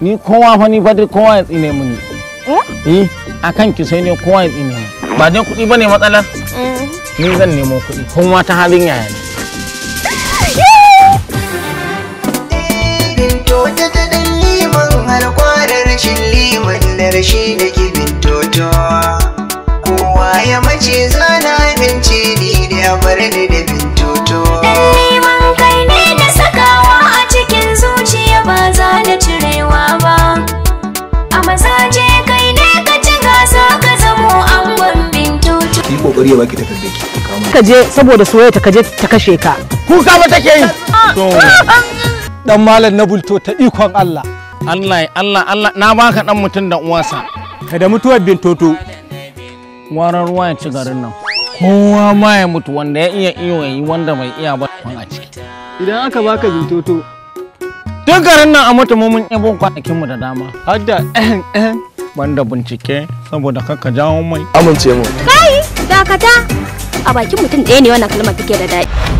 ni kowa fa ni fa kowa ya tsine mu ne eh? eh a kan ki sai ne kowa ya tsine mu ba dan kuɗi bane matsalar mm. ni zan nemo kuɗi Kowa ta halin yaya ne da liman da rashi da waje kai ne ka ci gasa ka zamo angon bintu ki kokari ya baki ta ki ka je saboda soyayya ta kaje ta kashe ka kuka ba take yi ah, dan malam na bulto ta ikon Allah Allah Allah Allah na baka dan mutun da uwansa ka da mutuwar bintoto warar ruwa ya ci garin nan kowa ma ya mutu wanda ya iya iyo yi wanda bai iya ba a ciki idan aka baka bintoto duk garin nan a mutumin kwanakin kwanakinmu da dama har da ehem ehem banda bincike saboda kanka jawo mai amince mu kai dakata a bakin mutum ɗaya ne wannan kalmar take da daɗi